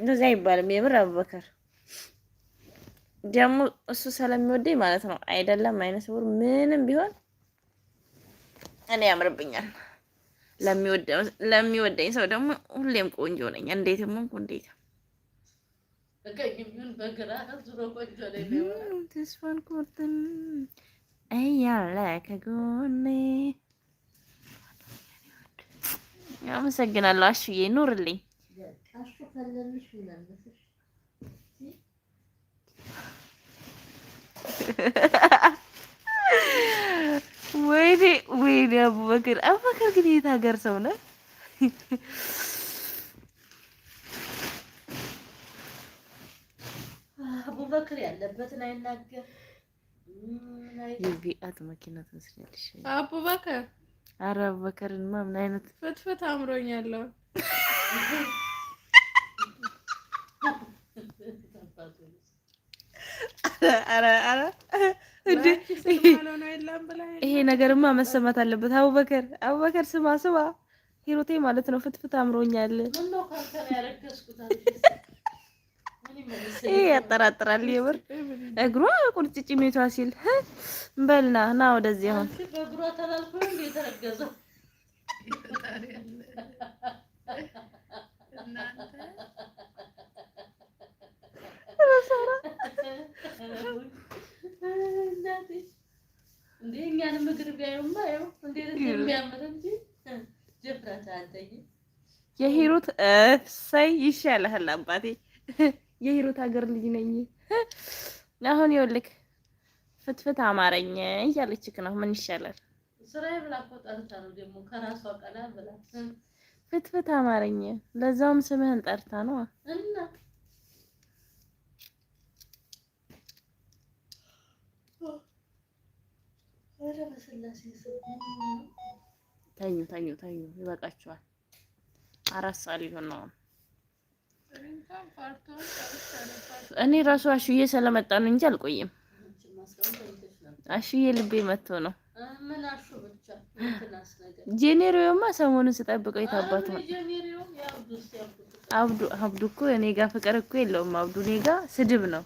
እንደዚህ አይባልም። የምር አበከር ደግሞ እሱ ስለሚወደኝ ማለት ነው። አይደለም አይነት ብር ምንም ቢሆን እኔ ያምርብኛል። ለሚወደኝ ሰው ደግሞ ሁሌም ቆንጆ ነኝ። እንዴትም ሆንኩ እንዴት ተስፋን ቆርጥም እያለ ከጎኔ አመሰግናለሁ። አሽዬ ኑርልኝ። ታለልሽ ወይኔ ወይኔ፣ አቡበክር አቡበክር ግን የት ሀገር ሰው ነው? አቡበክር ያለበትን አይናገር። የቢአት መኪና ትመስላለች። አቡበክር ምን አይነት ፍትፍት አምሮኛለሁ ይሄ ነገርማ መሰማት አለበት። አቡበከር አቡበከር፣ ስማ ስማ፣ ሂሩቴ ማለት ነው። ፍትፍት አምሮኛል። ይሄ ያጠራጥራል። የምር እግሯ ቁርጭጭ ሜቷ ሲል በልና ና ወደዚህ አሁን የሂሩት እሰይ ይሻልሃል አባቴ። የሂሩት ሀገር ልጅ ነኝ። አሁን ይኸውልህ ፍትፍት አማረኝ እያለችክ ነው። ምን ይሻላል? ስራዬ ብላ እኮ ጠርታ ነው ደግሞ ከራሷ ቀላ ብላ ፍትፍት አማረኝ። ለዛውም ስምህን ጠርታ ነው እና ተኙ ተኙ ተኙ፣ ይበቃችኋል። አራት ሰዓት ሊሆን ነው። እኔ ራሱ አሹዬ ስለመጣ ነው እንጂ አልቆይም። አሹዬ ልቤ መጥቶ ነው። ጄኔሪዮማ ሰሞኑን ስጠብቀው የታባቱ አብዱ አብዱ እኮ እኔ ጋ ፍቅር እኮ የለውም። አብዱ እኔ ጋ ስድብ ነው።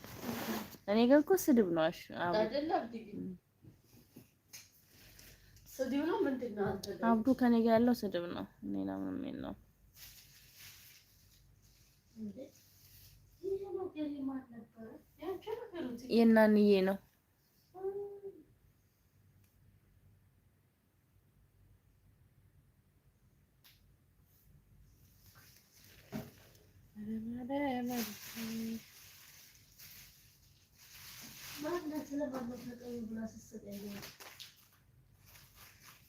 እኔ ጋር እኮ ስድብ ነው። አሹ አብዱ ከኔ ጋር ያለው ስድብ ነው። ሌላ ምንም የለውም። የናንዬ ነው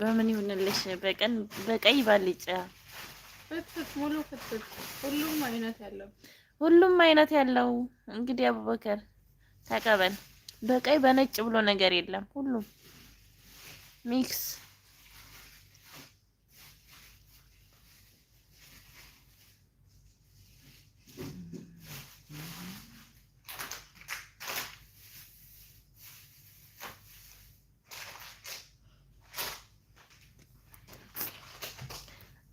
በምን ይሁንልሽ? በቀን በቀይ ባልጫ ፍትፍት፣ ሙሉ ፍትፍት፣ ሁሉም አይነት ያለው ሁሉም አይነት ያለው እንግዲህ አቡበከር ተቀበል። በቀይ በነጭ ብሎ ነገር የለም። ሁሉም ሚክስ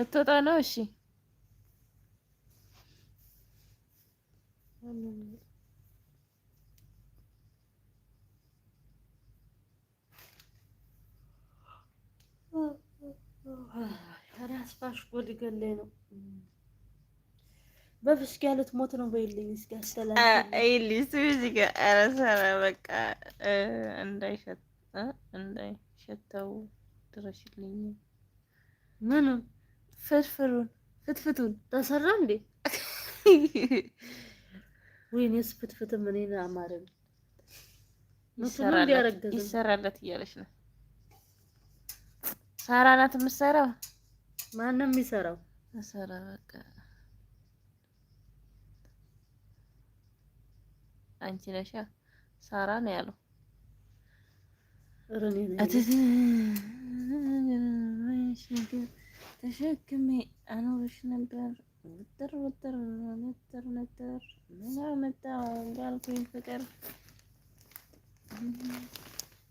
ልትወጣ ነው። እሺ አስፋሽ ጎድ ገለይ ነው በፍሽክ ያሉት ሞት ነው በይልኝ። እስኪ በቃ እንዳይሸተው ድረሽልኝ ምኑን ፍርፍሩን ፍትፍቱን ተሰራ እንዴ? ወይኔስ ፍትፍት ምን ይና አማረኝ። ይሰራለት እያለች ነው። ሳራ ናት የምትሰራው። ማን ነው የሚሰራው ሰራ በቃ አንቺ ነሻ ሳራ ነው ያለው። እረኔ تشكمي انا واش نبر نتر نتر نتر نتر من عمتا وقالك ينفكر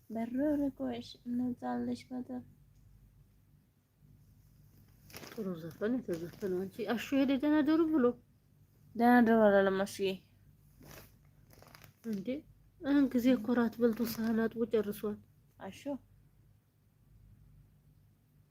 برورك ما نزال ليش بدر كنو زفن انت زفن وانتي اشو هدي دانا دورو بلو دانا دورو على المشي انا انكزي كرات بلتو سهلات وجرسوات اشو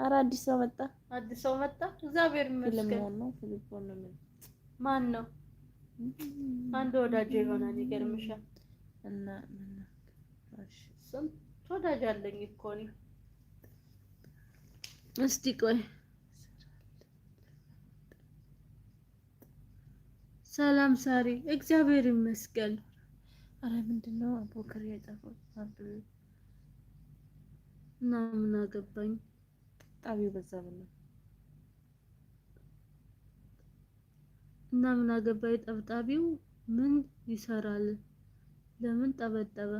ኧረ አዲስ ሰው መጣ፣ አዲስ ሰው መጣ። እግዚአብሔር ይመስገን። ማን ነው? አንድ ወዳጅ ይሆናል። ይገርምሻል። እና ስንት ወዳጅ አለኝ እኮ እኔ። እስቲ ቆይ ሰላም ሳሪ፣ እግዚአብሔር ይመስገን። አረ ምንድን ነው አቦከር ያጠፋው አገባኝ ጣቢ በዛ ብለው እና ምን አገባይ ጠብጣቢው ምን ይሰራል? ለምን ጠበጠበ?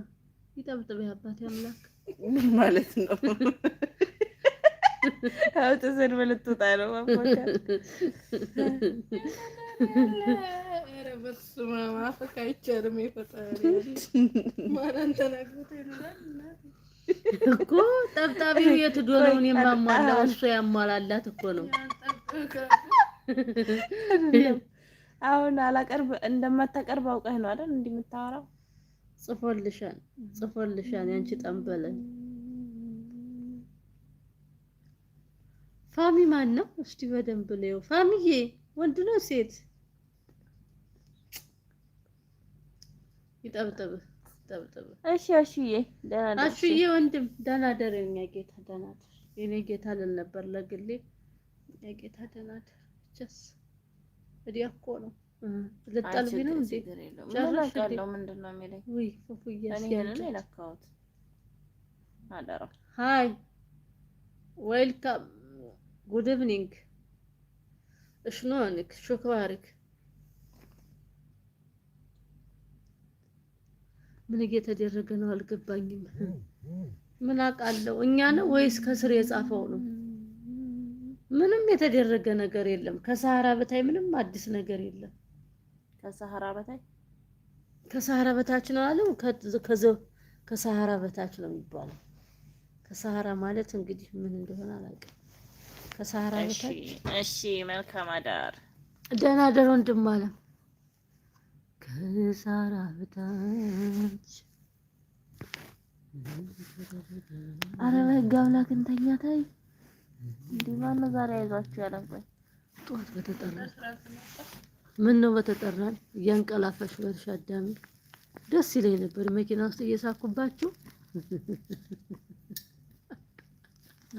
ይጠብጥበ አባት አምላክ ምን ማለት ነው? አውጥ ዘን በልትወጣ ነው ማፈካ ይቻልም የፈጣሪ ማን አንተን አግብቶ ይኖራል እኮ ጠብጣቢው የት ዶ ነው የማሟላው? እሱ ያሟላላት እኮ ነው። አሁን አላቀርብ እንደማታቀርብ አውቀህ ነው አይደል? እንዲህ የምታወራው ጽፎልሻን ያንቺ ጠንበለኝ። ፋሚ ማን ነው? እስቲ በደንብ ለው። ፋሚዬ ወንድ ነው ሴት? ይጠብጥብህ እሺ አሹዬ ደህና አሹዬ ወንድም ደህና ደር የኛ ጌታ ደህና ደር የኔ ጌታ ልል ነበር ለግሌ የጌታ ደህና ደር እዲያ እኮ ነው ነው እንዴ ምንድን ነው የሚለኝ ውይ ፉፉዬ ሲያንን አደራ ዌልካም ጉድ ኢቭኒንግ እሽኖንክ ሹክባሪክ ምን እየተደረገ ነው አልገባኝም። ምን አውቃለሁ እኛ ነው ወይስ ከስር የጻፈው ነው? ምንም የተደረገ ነገር የለም። ከሰሃራ በታይ ምንም አዲስ ነገር የለም። ከሰሃራ በታይ ከሰሃራ በታች ነው አለው። ከዘ ከሰሃራ በታች ነው የሚባለው። ከሰሃራ ማለት እንግዲህ ምን እንደሆነ አላውቅም። ከሰሃራ በታች እሺ። መልካም አዳር፣ ደህና አደር ወንድም አለም ከሳራ በታች አረ በህግ አምላክ እንተኛ ታይ እንዲህ ማነው ዛሬ አይዟችሁ ያለን? ቆይ ጧት በተጠራን ምን ነው በተጠራን እያንቀላፋሽ በርሻ አዳሚ ደስ ይለኝ ነበር መኪና ውስጥ እየሳኩባችሁ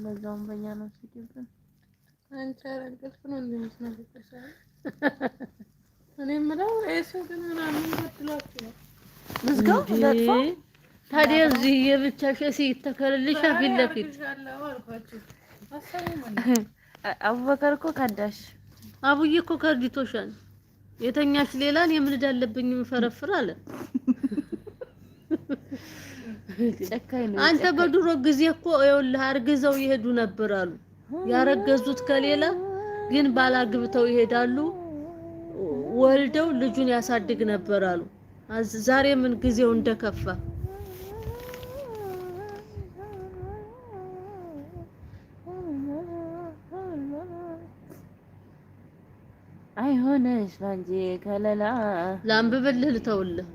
በዛውም በእኛ ነው ሲገባ አንቺ አረገዝኩ ነው እንደምትነግርሽ እኔ የምለው እሱ ግን ምናምን ገድሏችሁ ነው ምዝጋው ተደጥፎ ታዲያ እዚህ የብቻሽ ሲተከልልሽ ፊት ለፊት አቡበከር እኮ ከዳሽ። አቡዬ እኮ ከርዲቶሻል። የተኛሽ ሌላን የምንድ አለብኝ የምፈረፍር አለ። አንተ በድሮ ጊዜ እኮ ይኸውልህ አርግዘው ይሄዱ ነበር አሉ። ያረገዙት ከሌላ ግን ባላግብተው ይሄዳሉ። ወልደው ልጁን ያሳድግ ነበር አሉ። ዛሬ ምን ጊዜው እንደከፋ አይሆነሽ ባንጂ ከለላ ላንብብልህ ልተውልህ።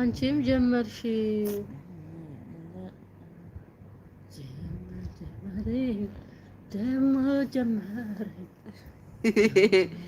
አንቺም ጀመርሽ ደግሞ ጀመር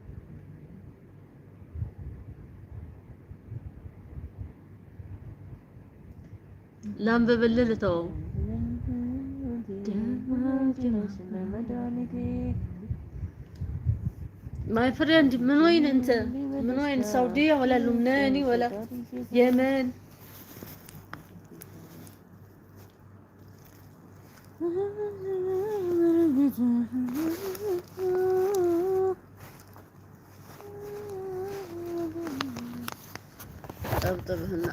ላንብብልህ ልተወው። ماي فريند من وين انت من وين السعوديه ولا لبناني ولا يمن طب طب هنا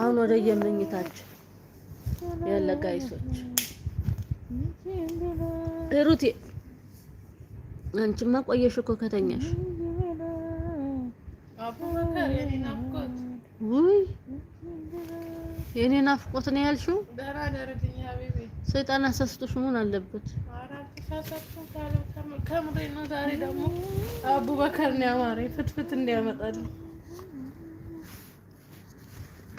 አሁን ወደ የመኝታችን ያለ ጋይሶች ሩቴ አንቺማ ቆየሽ እኮ ከተኛሽ። ውይ የኔ ናፍቆት ነው ያልሽው። ሰይጣን አሳስቶሽ መሆን አለበት። ከምሬ ነው። ዛሬ ደግሞ አቡበከር ነው ያማረኝ ፍትፍት እንዲያመጣልኝ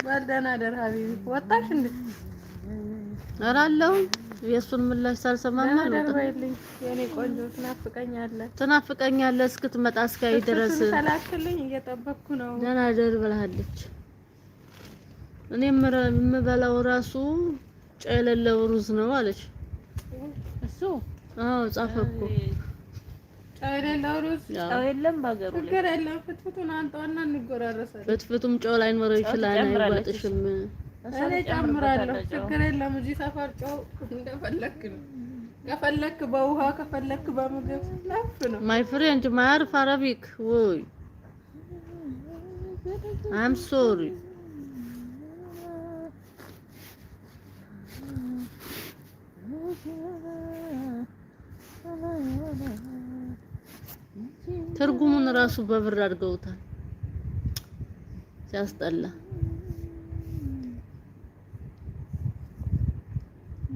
ዋልዳና ደር ሀቢቢ ወጣሽ እንዴ? አላለሁም። የእሱን ምላሽ ሳልሰማማ ነው። የኔ ቆንጆ ትናፍቀኛለህ፣ ትናፍቀኛለህ እስክትመጣ እስካይ ድረስ ሰላክልኝ፣ እየጠበቅኩ ነው። ደህና ደር ብላለች። እኔ የምበላው ራሱ ጨለለው ሩዝ ነው አለች። እሱ አዎ ጻፈኩ ጨው የለም በሀገሩ ላይ ፍትፍቱም ጨው ላይኖረው ይችላል። አይወጥሽም። እኔ ጨምራለሁ፣ ችግር የለም። እዚህ ሰፈር ጨው እንደፈለክ ነው። ከፈለክ በውሃ ከፈለክ በምግብ ለፍ ነው። ማይ ፍሬንድ ማርፍ አረቢክ ወይ አም ሶሪ ትርጉሙን ራሱ በብር አድርገውታል። ሲያስጠላ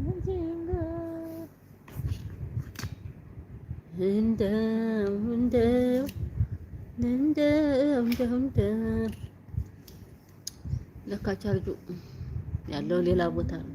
እንደው እንደው እንደው እንደው ለካ ቻርጁ ያለው ሌላ ቦታ ነው።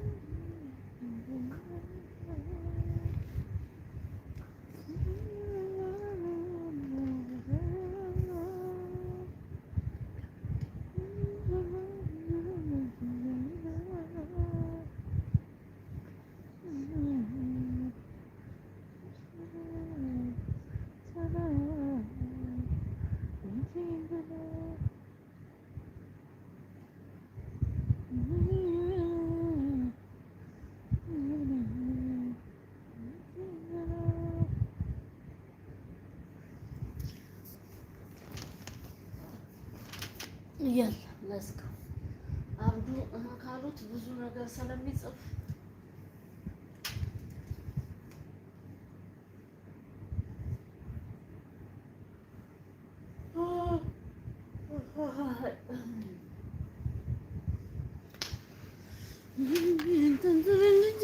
ያለ ለስካው አብዱ ካሉት ብዙ ነገር ስለሚጽፍ እንትን ትልልጅ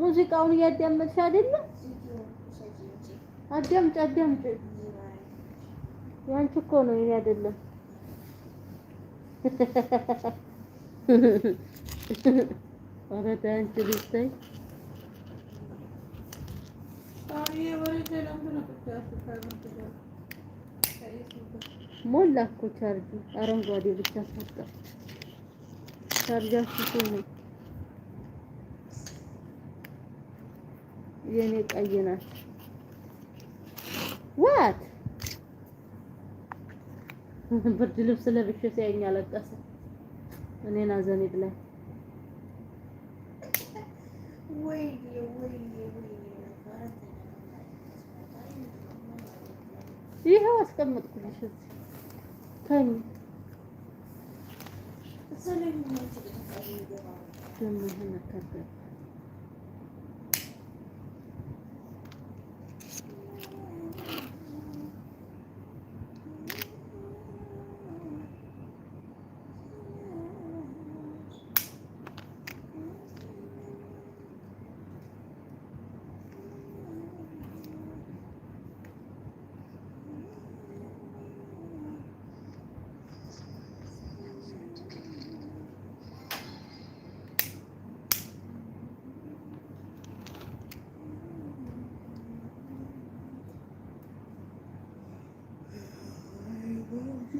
ሙዚቃውን እያዳመጥሽ አይደለም? አዳምጭ አዳምጭ። ያንቺ እኮ ነው ይሄ አይደለም። ኧረ ተይ አንቺ ልጅ ተይ። ሞላ እኮ ቻርጁ አረንጓዴ ብቻ ሳጣ ቻርጃችሁ ነው የኔ ቀይ ናት። ዋት ብርድ ልብስ ለብሼ ሲያየኝ አለቀሰ። እኔን አዘኔት ላይ ይኸው አስቀመጥኩልሽ ተኝ ደሞ ይሄን አታገል